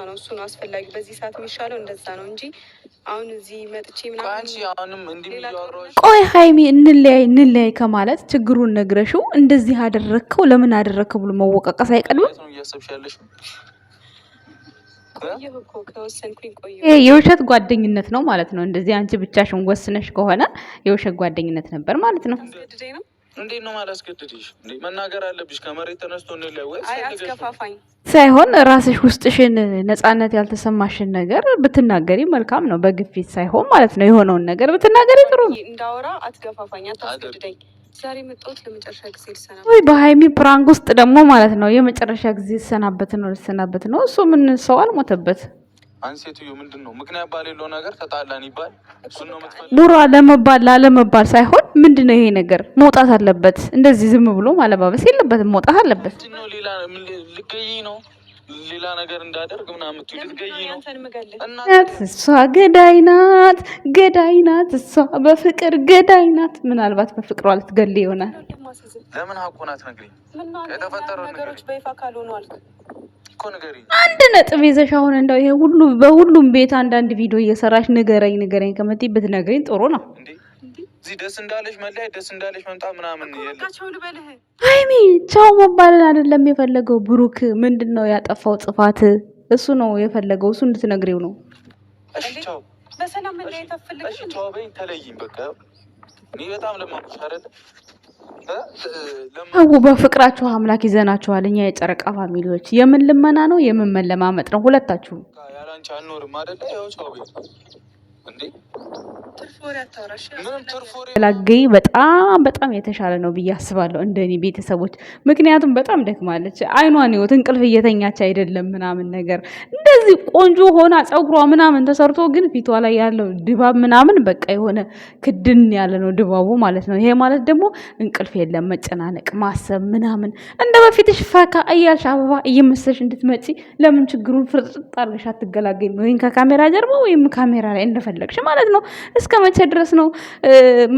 ብቻ ነው እሱ ነው አስፈላጊ በዚህ ሰዓት የሚሻለው እንደዛ ነው እንጂ አሁን እዚህ መጥቼ ምናምን ቆይ ሀይሚ እንለያይ እንለያይ ከማለት ችግሩን ነግረሽው እንደዚህ አደረግከው ለምን አደረግከው ብሎ መወቃቀስ አይቀድምም። የውሸት ጓደኝነት ነው ማለት ነው። እንደዚህ አንቺ ብቻሽን ወስነሽ ከሆነ የውሸት ጓደኝነት ነበር ማለት ነው። እንዴት ነው ማላስገድድሽ? መናገር አለብሽ። ከመሬት ተነስቶ አስከፋፋኝ ሳይሆን ራስሽ ውስጥሽን ነፃነት ያልተሰማሽን ነገር ብትናገሪ መልካም ነው። በግፊት ሳይሆን ማለት ነው የሆነውን ነገር ብትናገሪ ጥሩ ነው። እንዳወራ አትገፋፋኝ፣ አታስገድደኝ። ዛሬ መጣሁት ለመጨረሻ ጊዜ ልሰናበት። ወይ በሀይሚ ፕራንክ ውስጥ ደግሞ ማለት ነው የመጨረሻ ጊዜ ልሰናበት ነው ልሰናበት ነው። እሱ ምን ሰው አልሞተበት አንሴትዮ ምንድን ነው ምክንያት ባሌለው ነገር ተጣላን ይባል እሱን ነው የምትፈልገው? ቡራ ለመባል ላለመባል ሳይሆን ምንድን ነው ይሄ ነገር መውጣት አለበት። እንደዚህ ዝም ብሎ ማለባበስ የለበትም። መውጣት አለበት። ሌላ ነገር እንዳደርግ ምናምን እሷ ገዳይ ናት፣ ገዳይ ናት። እሷ በፍቅር ገዳይ ናት። ምናልባት በፍቅሯ ልትገል ይሆናል። ለምን ነግሪኝ። የተፈጠረው ነገሮች በይፋ ካልሆኑ አልክ አንድ ነጥብ ይዘሽ አሁን እንደው ይሄ ሁሉ በሁሉም ቤት አንዳንድ ቪዲዮ እየሰራሽ ንገረኝ ንገረኝ ከምትይ ብትነግሪኝ ጥሩ ነው። እዚህ ደስ እንዳለሽ መለያ ደስ እንዳለሽ መምጣት ምናምን ሀይሚ ቻው መባልን አይደለም የፈለገው ብሩክ። ምንድን ነው ያጠፋው ጥፋት? እሱ ነው የፈለገው፣ እሱ እንድትነግሪው ነው። እሺ ቻው በሰላም እሺ ቻው በይ ተለይኝ በቃ እኔ በጣም ለማሽ አዎ በፍቅራችሁ አምላክ ይዘናችኋል። እኛ የጨረቃ ፋሚሊዎች የምን ልመና ነው የምን መለማመጥ ነው? ሁለታችሁም ላገይ በጣም በጣም የተሻለ ነው ብዬ አስባለሁ፣ እንደኔ ቤተሰቦች። ምክንያቱም በጣም ደክማለች፣ አይኗን ይወት እንቅልፍ እየተኛች አይደለም ምናምን ነገር እንደዚህ ቆንጆ ሆና ፀጉሯ ምናምን ተሰርቶ ግን ፊቷ ላይ ያለው ድባብ ምናምን በቃ የሆነ ክድን ያለ ነው ድባቡ ማለት ነው። ይሄ ማለት ደግሞ እንቅልፍ የለም መጨናነቅ፣ ማሰብ ምናምን እንደ በፊትሽ ፈካ እያልሽ አበባ እየመሰልሽ እንድትመጪ ለምን ችግሩን ፍርጥጥ አድርገሽ አትገላገኝ? ወይም ከካሜራ ጀርባ ወይም ካሜራ ላይ እንደፈለግሽ ማለት ነው። እስከ መቼ ድረስ ነው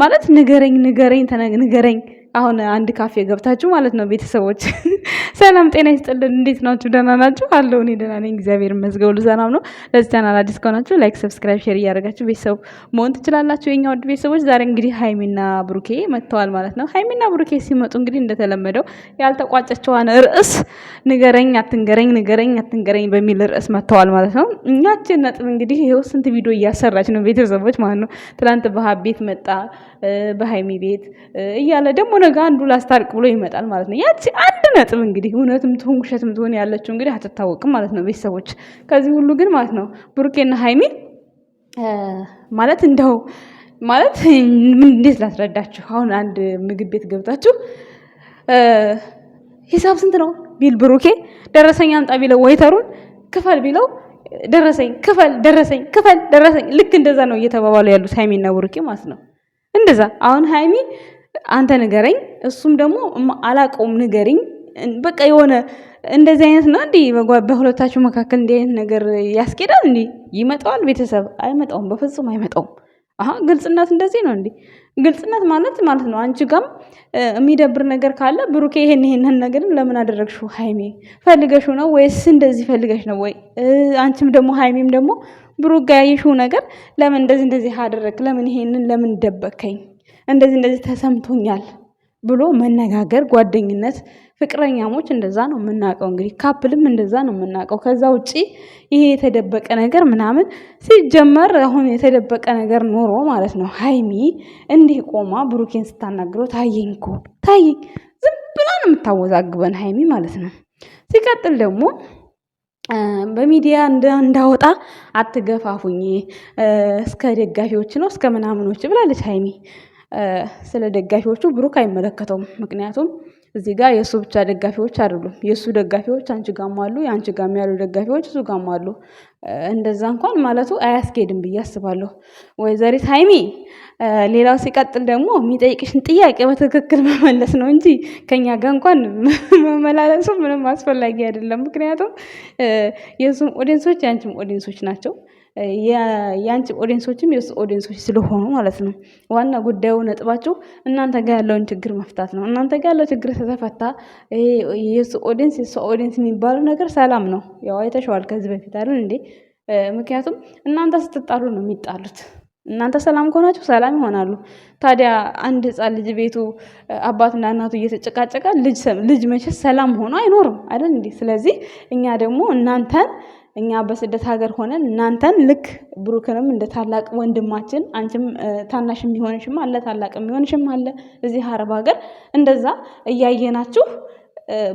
ማለት ንገረኝ፣ ንገረኝ፣ ንገረኝ አሁን አንድ ካፌ ገብታችሁ ማለት ነው ቤተሰቦች፣ ሰላም ጤና ይስጥልን። እንዴት ናችሁ? ደህና ናችሁ? አለው እኔ ደህና ነኝ፣ እግዚአብሔር ይመስገን፣ ሁሉ ሰላም ነው። ለዚህ ቻናል አዲስ ከሆናችሁ ላይክ፣ ሰብስክራይብ፣ ሼር እያደረጋችሁ ቤተሰብ መሆን ትችላላችሁ። የኛ ውድ ቤተሰቦች ዛሬ እንግዲህ ሀይሚና ብሩኬ መጥተዋል ማለት ነው። ሀይሚና ብሩኬ ሲመጡ እንግዲህ እንደተለመደው ያልተቋጨችዋን ርዕስ ንገረኝ፣ አትንገረኝ፣ ንገረኝ፣ አትንገረኝ በሚል ርዕስ መጥተዋል ማለት ነው። እኛችን ነጥብ እንግዲህ ይኸው ስንት ቪዲዮ እያሰራች ነው ቤተሰቦች ማለት ነው። ትላንት በሀብ ቤት መጣ፣ በሀይሚ ቤት እያለ ደግሞ ነገ አንዱ ላስታርቅ ብሎ ይመጣል ማለት ነው። ያቺ አንድ ነጥብ እንግዲህ እውነትም ትሁን ውሸትም ትሁን ያለችው እንግዲህ አትታወቅም ማለት ነው። ቤተሰቦች ከዚህ ሁሉ ግን ማለት ነው ብሩኬና ሀይሚ ማለት እንደው ማለት እንዴት ላስረዳችሁ? አሁን አንድ ምግብ ቤት ገብታችሁ ሂሳብ ስንት ነው ቢል ብሩኬ ደረሰኝ አምጣ ቢለው ወይተሩን ክፈል ቢለው ደረሰኝ ክፈል ደረሰኝ ክፈል ደረሰኝ ልክ እንደዛ ነው እየተባባሉ ያሉት ሀይሚና ብሩኬ ማለት ነው። እንደዛ አሁን ሀይሚ አንተ ንገረኝ፣ እሱም ደግሞ አላቀውም ንገሪኝ። በቃ የሆነ እንደዚህ አይነት ነው እንዲህ በሁለታችሁ መካከል እንዲህ አይነት ነገር ያስኬዳል? እንዲህ ይመጣዋል? ቤተሰብ አይመጣውም፣ በፍጹም አይመጣውም። አሀ ግልጽነት እንደዚህ ነው እንዴ? ግልጽነት ማለት ማለት ነው። አንቺ ጋም የሚደብር ነገር ካለ ብሩኬ ይሄን ይሄንን ነገር ለምን አደረግሽው? ሀይሜ ፈልገሽ ነው ወይስ እንደዚህ ፈልገሽ ነው ወይ? አንቺም ደግሞ ሀይሜም ደግሞ ብሩክ ጋር ያየሽው ነገር ለምን እንደዚህ እንደዚህ አደረግ? ለምን ይሄንን ለምን ደበከኝ? እንደዚህ እንደዚህ ተሰምቶኛል ብሎ መነጋገር ጓደኝነት፣ ፍቅረኛሞች እንደዛ ነው የምናውቀው። እንግዲህ ካፕልም እንደዛ ነው የምናውቀው። ከዛ ውጪ ይሄ የተደበቀ ነገር ምናምን ሲጀመር አሁን የተደበቀ ነገር ኖሮ ማለት ነው። ሀይሚ እንዲህ ቆማ ብሩኬን ስታናግረው ታየኝ እኮ ታየኝ። ዝም ብላ ነው የምታወዛግበን ሀይሚ ማለት ነው። ሲቀጥል ደግሞ በሚዲያ እንዳወጣ አትገፋፉኝ እስከ ደጋፊዎች ነው እስከ ምናምኖች ብላለች ሀይሚ ስለ ደጋፊዎቹ ብሩክ አይመለከተውም። ምክንያቱም እዚህ ጋር የእሱ ብቻ ደጋፊዎች አይደሉም። የእሱ ደጋፊዎች አንቺ ጋም አሉ፣ የአንቺ ጋም ያሉ ደጋፊዎች እሱ ጋም አሉ። እንደዛ እንኳን ማለቱ አያስኬድም ብዬ አስባለሁ። ወይዘሪት ሀይሚ፣ ሌላው ሲቀጥል ደግሞ የሚጠይቅሽን ጥያቄ በትክክል መመለስ ነው እንጂ ከኛ ጋር እንኳን መመላለሱ ምንም አስፈላጊ አይደለም። ምክንያቱም የእሱም ኦዲንሶች የአንቺም ኦዲንሶች ናቸው። የአንቺ ኦዲንሶችም የውስጥ ኦዲንሶች ስለሆኑ ማለት ነው። ዋና ጉዳዩ ነጥባችሁ እናንተ ጋር ያለውን ችግር መፍታት ነው። እናንተ ጋር ያለው ችግር ተተፈታ፣ የሱ ኦዲንስ የሱ ኦዲንስ የሚባለው ነገር ሰላም ነው። ያው አይተሸዋል ከዚህ በፊት አይደል እንዴ? ምክንያቱም እናንተ ስትጣሉ ነው የሚጣሉት። እናንተ ሰላም ከሆናችሁ ሰላም ይሆናሉ። ታዲያ አንድ ህፃን ልጅ ቤቱ አባትና እናቱ እየተጨቃጨቀ ልጅ መቼ ሰላም ሆኖ አይኖርም አይደል እንዴ? ስለዚህ እኛ ደግሞ እናንተን እኛ በስደት ሀገር ሆነን እናንተን ልክ ብሩክንም እንደ ታላቅ ወንድማችን አንቺም ታናሽ የሚሆንሽም አለ ታላቅ የሚሆንሽም አለ እዚህ አረብ ሀገር እንደዛ እያየናችሁ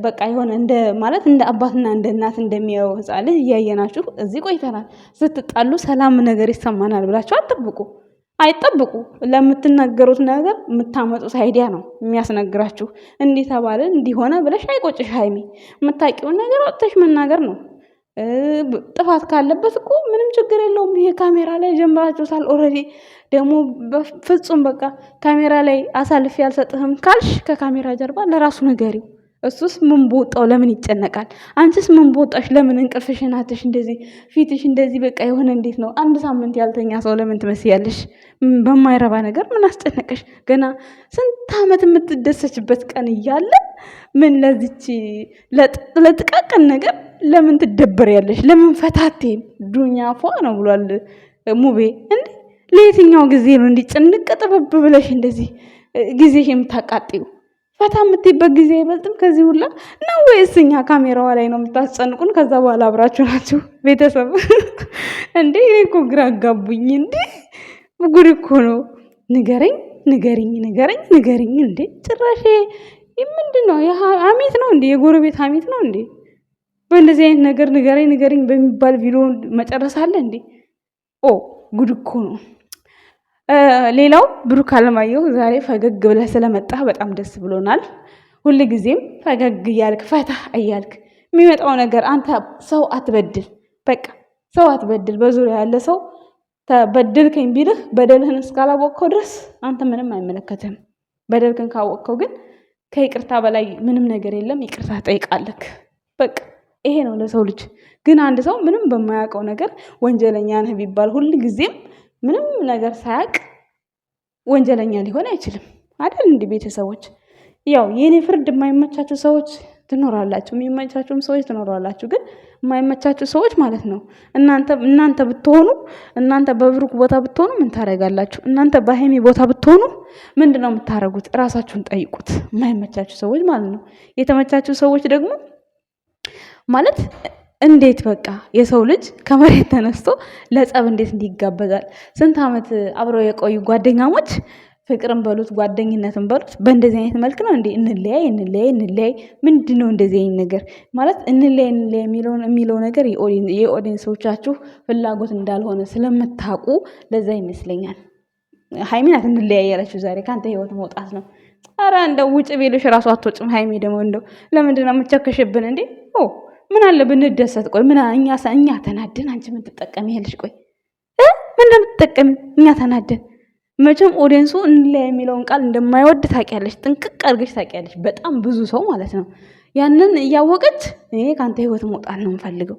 በቃ የሆነ እንደ ማለት እንደ አባትና እንደ እናት እንደሚያየው ህፃን ልጅ እያየናችሁ እዚህ ቆይተናል። ስትጣሉ ሰላም ነገር ይሰማናል ብላችሁ አጠብቁ አይጠብቁ ለምትናገሩት ነገር የምታመጡት አይዲያ ነው የሚያስነግራችሁ። እንዲህ ተባለ እንዲሆነ ብለሽ አይቆጭሽ ሀይሚ። የምታውቂውን ነገር ወጥተሽ መናገር ነው። ጥፋት ካለበት እኮ ምንም ችግር የለውም። ይሄ ካሜራ ላይ ጀምራችሁታል ኦልሬዲ። ደግሞ ፍጹም በቃ ካሜራ ላይ አሳልፌ አልሰጥህም ካልሽ ከካሜራ ጀርባ ለራሱ ንገሪው። እሱስ ምን ቦጣው? ለምን ይጨነቃል? አንቺስ ምን ቦጣሽ? ለምን እንቅልፍሽን አትሽ እንደዚህ ፊትሽ እንደዚህ በቃ የሆነ እንዴት ነው? አንድ ሳምንት ያልተኛ ሰው ለምን ትመስያለሽ? በማይረባ ነገር ምን አስጨነቀሽ? ገና ስንት ዓመት የምትደሰችበት ቀን እያለ ምን ለዚች ለጥቃቅን ነገር ለምን ትደበሪያለሽ? ለምን ፈታቴ ዱኛ ፏ ነው ብሏል ሙቤ። እንዴ ለየትኛው ጊዜ ነው እንዲጨንቅ ጭንቅ ጥብብ ብለሽ እንደዚህ ጊዜሽ የምታቃጥዩ? ፈታ የምትይበት ጊዜ አይበልጥም ከዚህ ሁላ ነው ወይስ እኛ ካሜራዋ ላይ ነው የምታስጨንቁን? ከዛ በኋላ አብራችሁ ናችሁ ቤተሰብ እንዴ? እኮ ግራ አጋቡኝ እንዴ! ጉድ እኮ ነው። ንገረኝ፣ ንገርኝ፣ ንገረኝ፣ ንገርኝ እንዴ! ጭራሽ ምንድን ነው አሜት ነው እንዴ? የጎረቤት አሜት ነው እንዴ? በእንደዚህ አይነት ነገር ንገረኝ፣ ንገረኝ በሚባል ቪዲዮ መጨረስ አለ እንዴ? ኦ ጉድ እኮ ነው። ሌላው ብሩክ አለማየሁ ዛሬ ፈገግ ብለህ ስለመጣህ በጣም ደስ ብሎናል። ሁል ጊዜም ፈገግ እያልክ ፈታ እያልክ የሚመጣው ነገር አንተ ሰው አትበድል፣ በቃ ሰው አትበድል። በዙሪያ ያለ ሰው በደልከኝ ቢልህ በደልህን እስካላወቅከው ድረስ አንተ ምንም አይመለከትም። በደልክን ካወቅከው ግን ከይቅርታ በላይ ምንም ነገር የለም። ይቅርታ ጠይቃለክ። በቃ ይሄ ነው ለሰው ልጅ። ግን አንድ ሰው ምንም በማያውቀው ነገር ወንጀለኛ ነህ ቢባል ሁል ጊዜም ምንም ነገር ሳያውቅ ወንጀለኛ ሊሆን አይችልም። አይደል እንዲህ ቤተሰቦች ያው የእኔ ፍርድ የማይመቻችሁ ሰዎች ትኖራላችሁ፣ የሚመቻቸውም ሰዎች ትኖራላችሁ። ግን የማይመቻቸው ሰዎች ማለት ነው እናንተ ብትሆኑ እናንተ በብሩክ ቦታ ብትሆኑ ምን ታደርጋላችሁ? እናንተ በሀይሚ ቦታ ብትሆኑ ምንድን ነው የምታደርጉት? እራሳችሁን ጠይቁት። የማይመቻቸው ሰዎች ማለት ነው። የተመቻችሁ ሰዎች ደግሞ ማለት እንዴት በቃ የሰው ልጅ ከመሬት ተነስቶ ለጸብ እንዴት እንዲጋበዛል? ስንት ዓመት አብረው የቆዩ ጓደኛሞች ፍቅርን በሉት ጓደኝነትን በሉት በእንደዚህ አይነት መልክ ነው እንዴ? እንለያይ እንለያይ እንለያይ ምንድን ነው እንደዚህ አይነት ነገር ማለት እንለያይ እንለያይ የሚለው ነገር የኦዲየንሶቻችሁ ፍላጎት እንዳልሆነ ስለምታውቁ ለዛ ይመስለኛል። ሀይሚ ናት እንለያይ ያለችው ዛሬ ከአንተ ህይወት መውጣት ነው። ኧረ እንደው ውጭ ቤሎሽ ራሱ አትወጭም። ሀይሚ ደግሞ እንደው ለምንድን ነው የምትቸክሽብን እንዴ? ምን አለ ብንደሰት? ቆይ ምን እኛ እኛ ተናደን አንቺ ምን ትጠቀሚ ያለሽ? ቆይ ምን እንደምትጠቀሚ እኛ ተናደን። መቼም ኦዲየንሱ እንለያ የሚለውን ቃል እንደማይወድ ታውቂያለሽ፣ ጥንቅቅ አድርገሽ ታውቂያለሽ። በጣም ብዙ ሰው ማለት ነው። ያንን እያወቀች እኔ ከአንተ ህይወት መውጣት ነው የምፈልገው።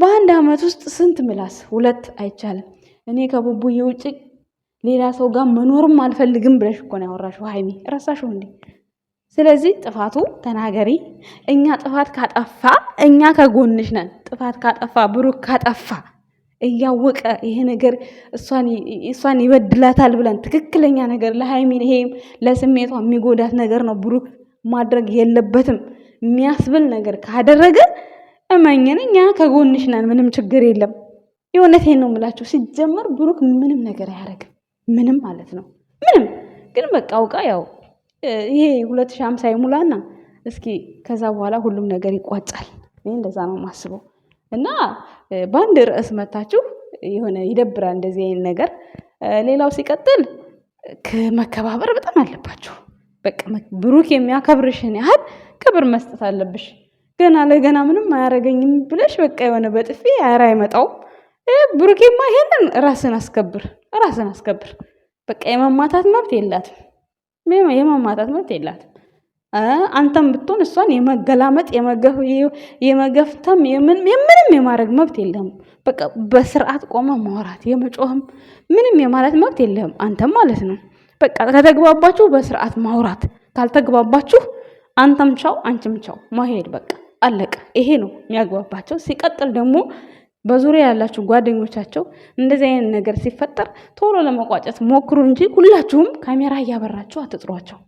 በአንድ አመት ውስጥ ስንት ምላስ፣ ሁለት አይቻልም። እኔ ከቡቡዬ ውጭ ሌላ ሰው ጋር መኖርም አልፈልግም ብለሽ እኮ ነው ያወራሽው። ሀይሚ ረሳሽው እንዴ? ስለዚህ ጥፋቱ ተናገሪ። እኛ ጥፋት ካጠፋ እኛ ከጎንሽ ነን። ጥፋት ካጠፋ ብሩክ ካጠፋ እያወቀ ይሄ ነገር እሷን ይበድላታል ብለን ትክክለኛ ነገር ለሃይሚን ይሄም ለስሜቷ የሚጎዳት ነገር ነው ብሩክ ማድረግ የለበትም የሚያስብል ነገር ካደረገ እመኝን እኛ ከጎንሽ ነን። ምንም ችግር የለም። የእውነቴን ነው ምላቸው ሲጀመር ብሩክ ምንም ነገር አያደርግም። ምንም ማለት ነው ምንም ግን በቃ አውቃ ያው ይሄ ሁለት ሺህ ሀምሳ ይሙላና እስኪ ከዛ በኋላ ሁሉም ነገር ይቋጫል። እኔ እንደዛ ነው የማስበው። እና በአንድ ርዕስ መታችሁ የሆነ ይደብራል እንደዚህ አይነት ነገር። ሌላው ሲቀጥል ከመከባበር በጣም አለባችሁ። በቃ ብሩክ የሚያከብርሽን ያህል ክብር መስጠት አለብሽ። ገና ለገና ምንም አያረገኝም ብለሽ በቃ የሆነ በጥፊ አያር አይመጣውም። ብሩኬማ ይሄንን ራስን አስከብር፣ ራስን አስከብር። በቃ የመማታት መብት የላትም። የመማታት መብት የላትም። አንተም ብትሆን እሷን የመገላመጥ የመገፍተም የምንም የማድረግ መብት የለም። በቃ በስርዓት ቆመ ማውራት የመጮህም ምንም የማለት መብት የለም አንተም ማለት ነው። በቃ ከተግባባችሁ በስርዓት ማውራት፣ ካልተግባባችሁ አንተም ቻው አንችም ቻው መሄድ በቃ አለቀ። ይሄ ነው የሚያግባባቸው። ሲቀጥል ደግሞ በዙሪያ ያላችሁ ጓደኞቻቸው እንደዚህ አይነት ነገር ሲፈጠር ቶሎ ለመቋጨት ሞክሩ እንጂ ሁላችሁም ካሜራ እያበራችሁ አትጥሯቸው።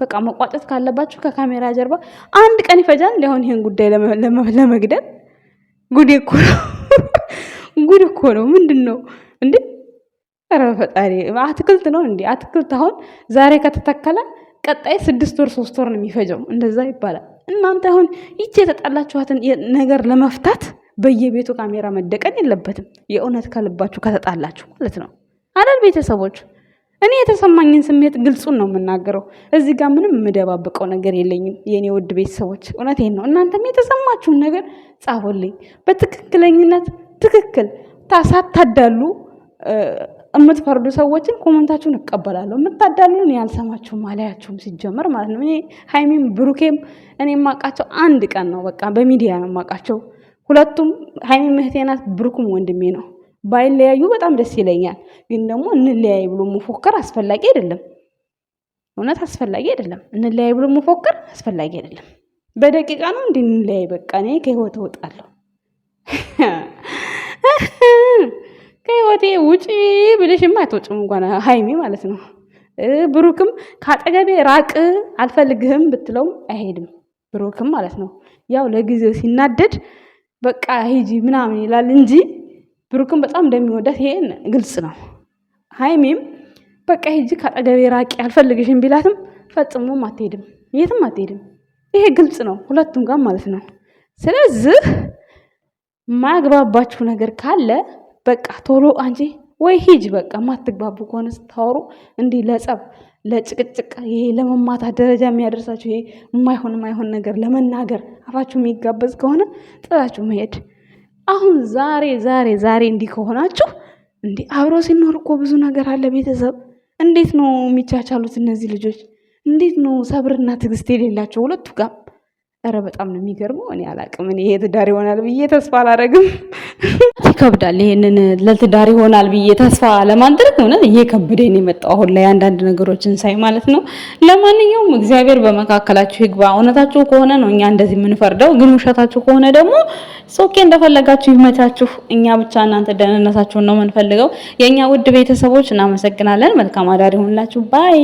በቃ መቋጨት ካለባችሁ ከካሜራ ጀርባ አንድ ቀን ይፈጃል እንዲሁን ይህን ጉዳይ ለመግደል። ጉድ እኮ ነው፣ ጉድ እኮ ነው። ምንድን ነው እንዴ? ኧረ አትክልት ነው እንዴ? አትክልት አሁን ዛሬ ከተተከለ ቀጣይ ስድስት ወር ሶስት ወር ነው የሚፈጀው፣ እንደዛ ይባላል። እናንተ አሁን ይቺ የተጣላችኋትን ነገር ለመፍታት በየቤቱ ካሜራ መደቀን የለበትም። የእውነት ከልባችሁ ከተጣላችሁ ማለት ነው አለል ቤተሰቦች። እኔ የተሰማኝን ስሜት ግልጹን ነው የምናገረው። እዚህ ጋር ምንም የምደባብቀው ነገር የለኝም የእኔ ውድ ቤተሰቦች፣ እውነቴን ነው። እናንተም የተሰማችሁን ነገር ጻፉልኝ በትክክለኝነት ትክክል ሳታዳሉ የምትፈርዱ ሰዎችን ኮመንታችሁን እቀበላለሁ። የምታዳሉ እኔ አልሰማችሁም አላያችሁም ሲጀመር ማለት ነው። እኔ ሀይሜም ብሩኬም እኔ የማውቃቸው አንድ ቀን ነው በቃ በሚዲያ ነው የማውቃቸው። ሁለቱም ሀይሚ እህቴ ናት፣ ብሩክም ወንድሜ ነው። ባይለያዩ በጣም ደስ ይለኛል። ግን ደግሞ እንለያይ ብሎ መፎከር አስፈላጊ አይደለም። እውነት አስፈላጊ አይደለም። እንለያይ ብሎ መፎከር አስፈላጊ አይደለም። በደቂቃ ነው እንዲ እንለያይ፣ በቃ እኔ ከህይወት እወጣለሁ፣ ከህይወቴ ውጪ ብልሽማ አትወጭም እንኳን ሀይሚ ማለት ነው። ብሩክም ከአጠገቤ ራቅ አልፈልግህም ብትለውም አይሄድም ብሩክም ማለት ነው። ያው ለጊዜው ሲናደድ በቃ ሂጂ ምናምን ይላል እንጂ ብሩክን በጣም እንደሚወዳት ይሄን ግልጽ ነው። ሀይሚም በቃ ሂጂ ከአጠገቤ ራቂ አልፈልግሽም ቢላትም ፈጽሞም አትሄድም፣ የትም አትሄድም። ይሄ ግልጽ ነው ሁለቱም ጋር ማለት ነው። ስለዚህ ማግባባችሁ ነገር ካለ በቃ ቶሎ አንቺ ወይ ሂጅ በቃ ማትግባቡ ከሆነ ስታወሩ እንዲህ ለጸብ ለጭቅጭቅ ይሄ ለመማታት ደረጃ የሚያደርሳችሁ ይሄ የማይሆን የማይሆን ነገር ለመናገር አፋችሁ የሚጋበዝ ከሆነ ጥላችሁ መሄድ። አሁን ዛሬ ዛሬ ዛሬ እንዲህ ከሆናችሁ እንዲ አብሮ ሲኖር እኮ ብዙ ነገር አለ። ቤተሰብ እንዴት ነው የሚቻቻሉት እነዚህ ልጆች? እንዴት ነው ሰብርና ትዕግስት የሌላቸው ሁለቱ ጋር እረ በጣም ነው የሚገርመው። እኔ አላቅም። እኔ ይሄ ትዳር ይሆናል ብዬ ተስፋ አላረግም። ይከብዳል። ይሄንን ለትዳር ይሆናል ብዬ ተስፋ ለማድረግ ሆነ እየከበደኝ ነው የመጣው አሁን ላይ አንዳንድ ነገሮችን ሳይ ማለት ነው። ለማንኛውም እግዚአብሔር በመካከላችሁ ይግባ። እውነታችሁ ከሆነ ነው እኛ እንደዚህ የምንፈርደው፣ ግን ውሸታችሁ ከሆነ ደግሞ ሶኬ እንደፈለጋችሁ ይመቻችሁ። እኛ ብቻ እናንተ ደህንነታችሁን ነው የምንፈልገው። የእኛ ውድ ቤተሰቦች እናመሰግናለን። መልካም አዳር ይሆንላችሁ ባይ